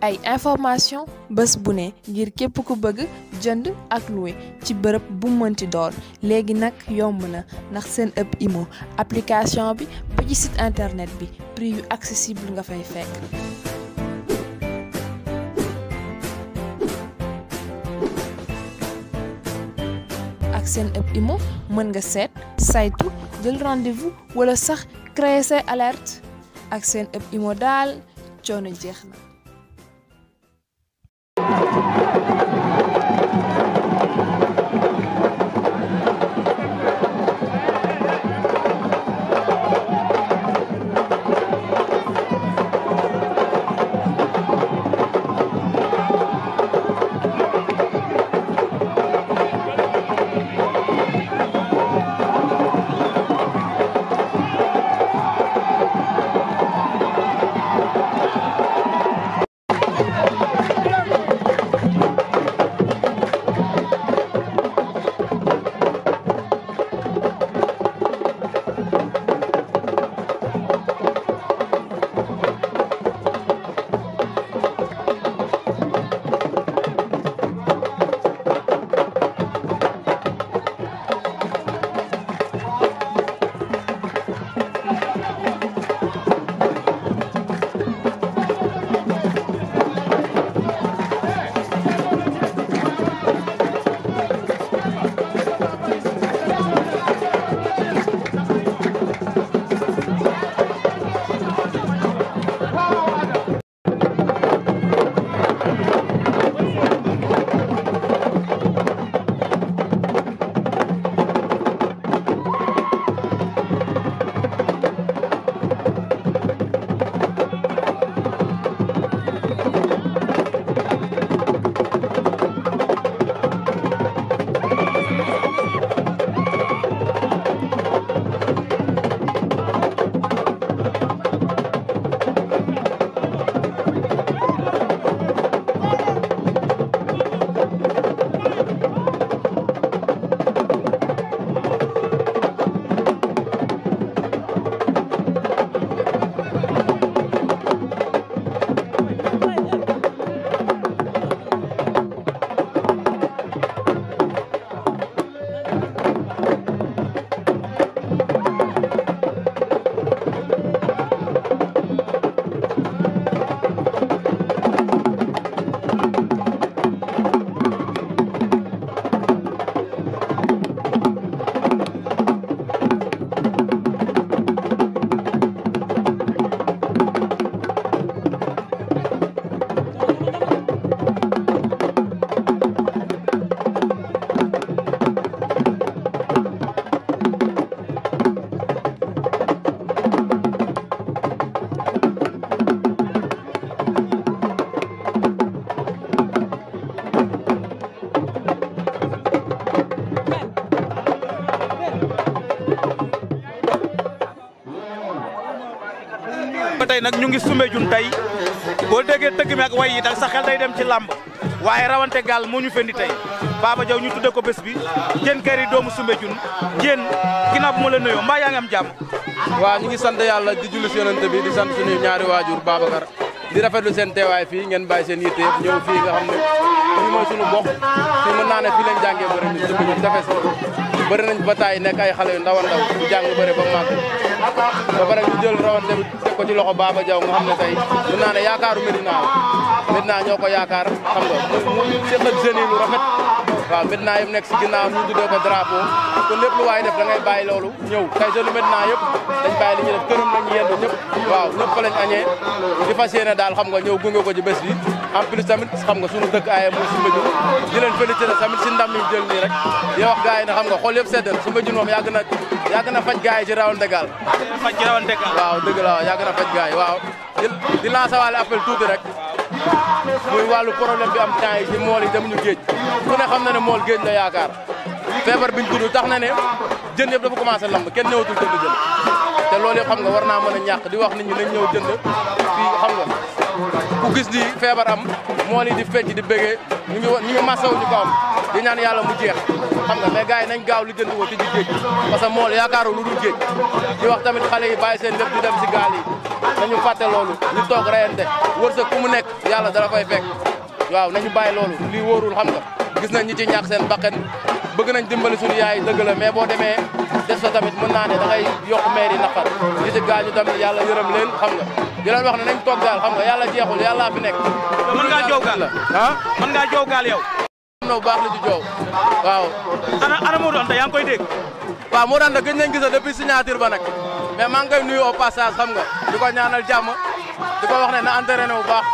ay information bés bu ne ngir képp ku bëgg jënd ak loué ci bërëb bu mënti doon léegi nag yomb na ndax seen ëpp imo application bi ba ci site internet bi prix yu accessible nga fay fekk ak seen ëpp imo mën nga seet saytu jël rendez wala sax créer say alerte ak seen ëpp imo daal coono jeex na ba tey nag ñu ngi Soumbédioune tey boo déggee tëgg mi ak way yi sa xel day dem ci làmb waaye rawante gal moo ñu fendi tey Baba Diaw ñu tudde ko bés bi Diène Kaïré doomu Soumbédioune Diène ginnaaw bu ma la nuyoo mbaa yaa ngi am jàmm waaw ñu ngi sant yàlla di julli si yonent bi di sant suñuy ñaari waajur Babacar di rafetlu seen teewaay fii ngeen bàyyi seen yitte ñëw fii nga xam ne fii mooy sunu bok fii mën naa ne fii lañ jàngee bëri ñu Soumbédioune tefes bëri nañ ba nekk ay xale yu ndaw a ndaw jàng bëri ba ba pare ñu jël rawante bi teg ko ci loxo Baba Diaw nga xam ne tey mën naa ne yaakaaru Medina Medina ñoo ko yaakaar xam nga mu seq ak jeunes yi lu rafet waaw Medina yëpp nekk si ginnaaw ñu tuddee ko drapeau kon lépp lu waaye def da ngay bàyyi loolu ñëw tey jeunes Medina yëpp dañ bàyyi li ñuy def këram lañu yendu ñëpp waaw ñëpp fa lañ añee di daal xam nga ñëw gunge ko ci bés bi en plus tamit xam nga sunu dëkk ay mooy Soumbédioune di leen félicité tamit si ndam yi jël nii rek di wax gars ne xam nga xool yëpp seddal Soumbédioune moom yàgg na yàgg na faj gars yi ci rawante gaal faj ci rawante waaw dëgg la waaw yàgg na faj gars yi waaw di lancé waale appel tuuti rek muy wàllu problème bi am temps yi ci mool yi dem ñu géej ku ne xam na ne mool géej la yaakaar feebar biñ tudd tax na ne jën yëpp dafa commencé lamb kenn ñëwatul jënd jën te lool yëpp xam nga war naa mën a di wax nit ñi ñëw jënd ku gis di feebar am moo ni di fecc di bëggee ñu ngi ñu ngi masawu ñu ko am di ñaan yàlla mu jeex xam nga mais gars yi gaaw li jënd woo ci géej parce que mool yaakaaru lu du géej di wax tamit xale yi bàyyi seen lépp di dem si gaal yi nañu fàtte loolu ñu toog reyante wërsëg ku mu nekk yàlla dara fay fekk waaw nañu bàyyi loolu lii wóorul xam na gis nañ ñi ci ñàkk seen bakkan bëgg nañ dimbali suñu yaay dëgg la mais boo demee def sa tamit mën naa ne da ngay yokk maire yi naqar ñi ci tamit yàlla yërëm leen xam nga di wax ne nañ toog daal xam nga yàlla jeexul yàlla fi nekk mën ngaa joow gaal ah mën ngaa joow gaal yow am na bu baax la ci joow waaw ana ana Modou Anta yaa ngi koy dégg waaw Modou Anta gëj nañ gisa depuis signature ba nag mais maa ngi koy nuyu au passage xam nga di ko ñaanal jàmm di ko wax ne na entraîné bu baax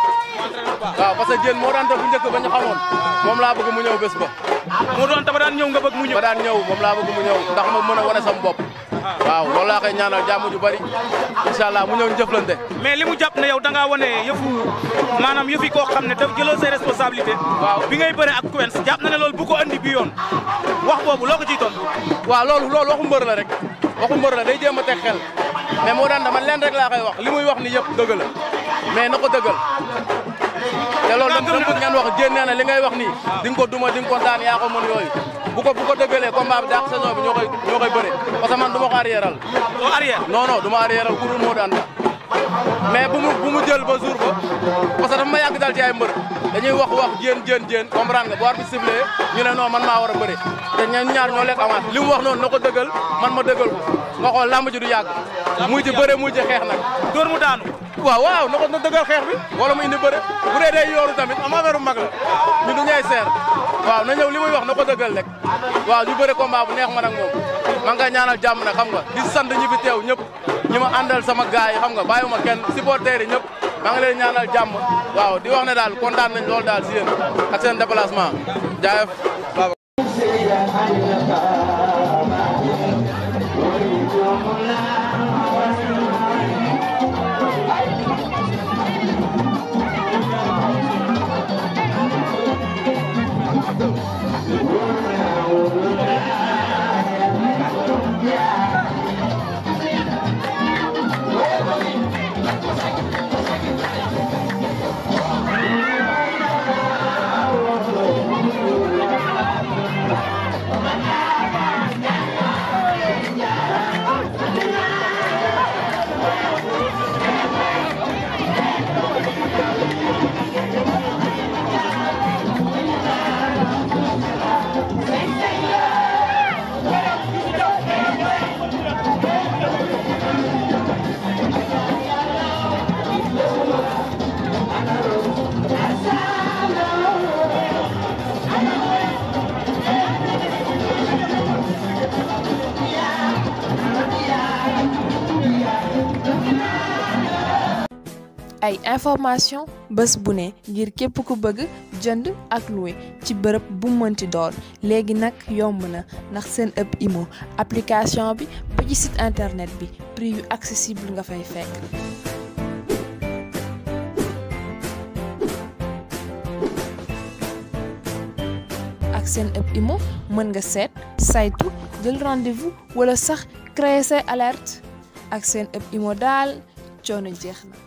waaw parce que jéen Modou Anta bu njëkk ba ñu moom laa bëgg mu ñëw bés ba moo doon dafa daan ñëw nga bëgg mu ñëw. ba daan ñëw moom laa bëgg mu ñëw ndax ma mën a wane sam bopp. waaw loolu laa koy ñaanal bari incha allah mu ñëw ñu jëflante. li mu jàpp ne yow da ngaa wane yëfu maanaam yëfi koo xam ne daf jëloo say responsabilité waaw bi ngay bëre ak Quench jàpp na ne loolu bu ko andi bi yoon wax boobu loo ko ciy tontu. waaw loolu loolu waxu mbër rek waxu mbër la day jéem a teg xel mais moo daan dama leen rek laa koy wax li muy wax ni yëpp dëgg la na ko dëggal te loolu dama bëgg ngeen wax jéem nee na li ngay wax nii di ko duma di nga ko daan ko yooyu bu ko bu ko dëggalee combat bi dàq saison bi ñoo koy ñoo koy bëre parce que man ko arrièreal. doo arrière non non du ma mais bu mu bu mu jël ba jour ba parce que ma yàgg dal ci ay mbër dañuy wax wax jéen jéen jéen comprendre nga bu war bi ciblé ñu ne non maa war a bëri te ñeen ñaar ñoo lekk avance li mu noonu na ko dëggal man ma dëggal ko nga xool làmb ji du yàgg muy ci bëre muy ci xeex nag dóor mu daanu waaw waaw na ko na dëggal xeex bi wala mu indi bëre bu dee day yooru tamit am affaire mag la ñu du ñay seer waaw na ñëw li muy wax na ko dëggal rek waaw ñu bëre combat bu neex ma ak moom maa ngi ñaanal jàmm nag xam nga di sant ñi fi teew ñëpp ñi ma àndal sama gaay yi xam nga bàyyiwuma kenn supporters yi ñëpp maa ngi leen ñaanal jàmm waaw di wax ne daal kontaan nañ lool daal si yéen ak seen déplacement jaayef ay information bés bu ne ngir képp ku bëgg jënd ak ci bërëb bu mënti doon léegi nag yomb na ndax seen ëpp imo bi internet bi prix yu accessible nga fay fekk ak seen ëpp mën nga seet saytu jël rendez wala sax créer say alerte ak seen ëpp imo daal coono jeex na